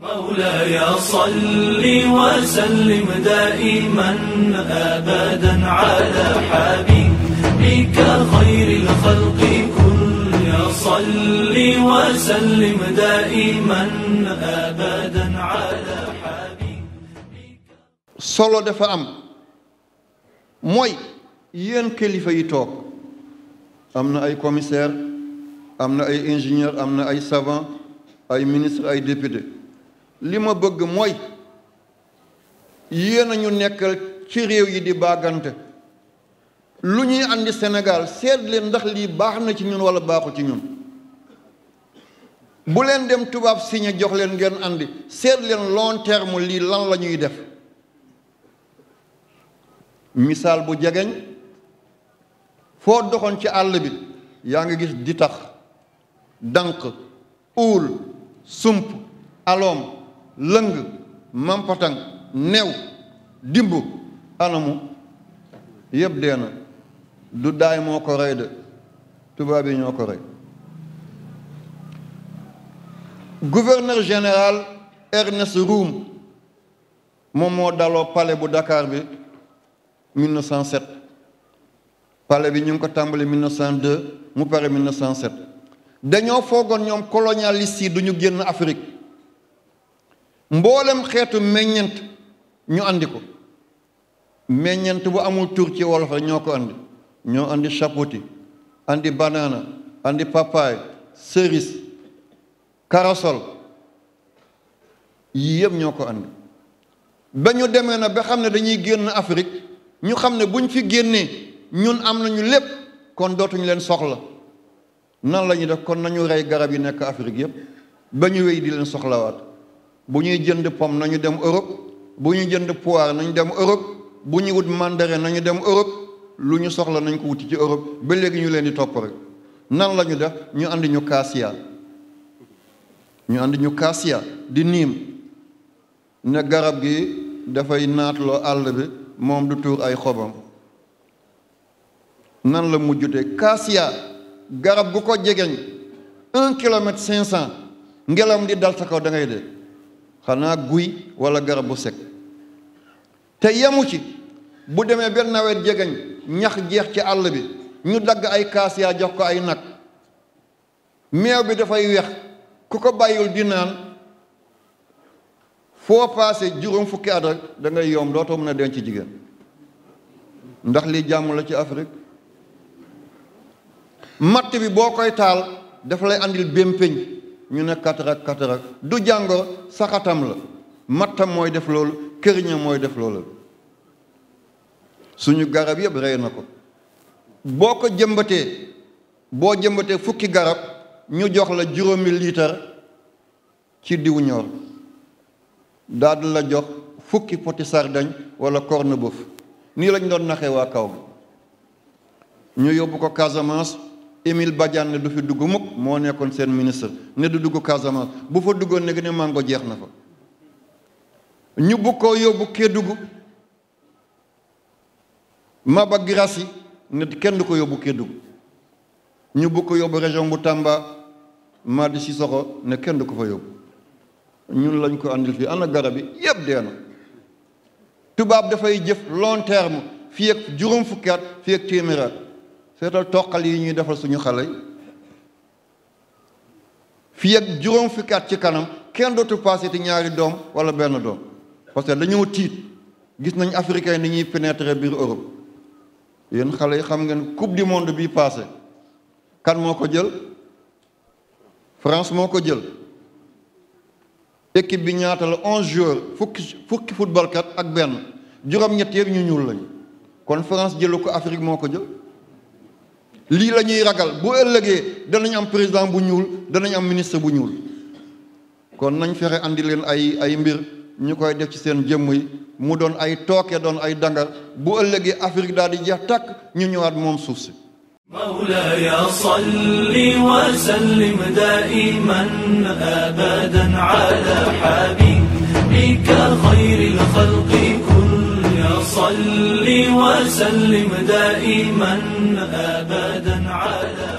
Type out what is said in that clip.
مولاي صل وسلم دائما ابدا على حبيبك خير الخلق كل صل وسلم دائما ابدا على حبيبك صلو دفا ام موي يين كليفا يتوك امنا اي كوميسير امنا اي انجينير امنا اي سافان اي مينيستر اي ديبيدي li ma bëgg mooy yéen a ñu nekkal ci réew yi di bàggante lu ñuy andi Sénégal seet leen ndax lii baax na ci ñun wala baaxu ci ñun bu leen dem tubaab signé jox leen ngeen andi seet leen long terme lii lan la ñuy def misaal bu jegeñ foo doxoon ci àll bi yaa ngi gis ditax danq uul sump aloom lëng mampatang new dimb anamu yëpp dee na du daay moo ko rey de tubaab yi ñoo ko rey gouverneur général Ernest Roum moom moo daloo pale bu dakaar bi 1907 palais bi ñu ngi ko tàmbali 1902 mu pare 1907 dañoo foogoon ñoom colonialiste yi du génn Afrique mboolem xeetu meññent ñu andi ko meññent bu amul tur ci wolof rek ñoo ko andi ñoo andi sapoti andi banana andi papaay cerise karasol yii yëpp ñoo ko andi ba ñu demee na ba xam ne dañuy génn Afrique ñu xam ne buñ fi génnee ñun am nañu lépp kon dootuñu leen soxla nan la ñuy def kon nañu rey garab yi nekk Afrique yëpp ba ñu wéy di leen soxlawaat buñuy jënd pom nañu dem Europe buñuy jënd poire nañu dem Europe buñuy wut mandarin nañu dem Europe lu soxla nañ ko wuti ci Europe ba légui ñu leen di top rek nan lañu def ñu andi ñu kasia ñu andi ñu kasia di nim ne garab gi fay natlo all bi mom du tour ay xobam nan la garab gu ko jegeñ 1 km 500 ngelam di dal sa ko da ngay xanaa guy walla garab bu sec te yamu ci bu demee benn nawet jegeñ ñax jeex ci àll bi ñu dagg ay kaas yaa jox ko ay nag meew bi dafay weex ku ko bàyyiwul di naan foo paase juróom fukki at rek da ngay yomb dootoo mën a denc ci jigéen ndax lii jàmm la ci Afrique matt bi boo koy taal dafa lay andil bémpeñ ñu ne katarak katarak du jàngoro saxatam la mattam mooy def loolu këriñam mooy def loolu suñu garab yëpp rey na ko boo ko jëmbatee boo jëmbatee fukki garab ñu jox la juróomi liitar ci diw ñor daal di la jox fukki poti sardañ wala corne-boeuf nii lañ doon naxee waa kaw ñu yóbbu ko Casamance Émile Badiane ne du fi dugg mukk moo nekkoon seen ministre ne du dugg Casamance bu fa duggoon ne ne mango jeex na fa ñu bu ko yóbbu Kédougou Maba Girassi ne kenn du ko yóbbu Kédougou ñu bu ko yóbbu région bu Tamba Madi Sissoko ne kenn du ko fa yóbbu ñun lañ ko andil fii ana garab yi yëpp dee na tubaab dafay jëf long terme fii ak juróom fukki at fii ak seetal toqal yi ñuy defal suñu xale yi fii ak juróom fukki at ci kanam kenn dootu passé te ñaari doom wala benn doom parce que dañoo tiit gis nañ africain ni ñuy pénétrer biir Europe yéen xale yi xam ngeen coupe du monde bi passé kan moo ko jël France moo ko jël équipe bi ñaata la onze joueurs fukki fukki ak benn juróom-ñett yëpp ñu ñuul lañ kon France jëlu ko Afrique moo ko jël lii la ñuy ragal bu ëllëgee danañ am président bu ñuul danañ am ministre bu ñuul kon nañ fexe andi leen ay ay mbir ñu koy def ci seen jëmm yi mu doon ay tooke doon ay dangal bu ëllëgee Afrique daal di jeex tàkk ñu ñëwaat moom suuf si مولاي صل وسلم دائما ابدا على حبيبك خير الخلق كلهم صل وسلم دائما أبدا على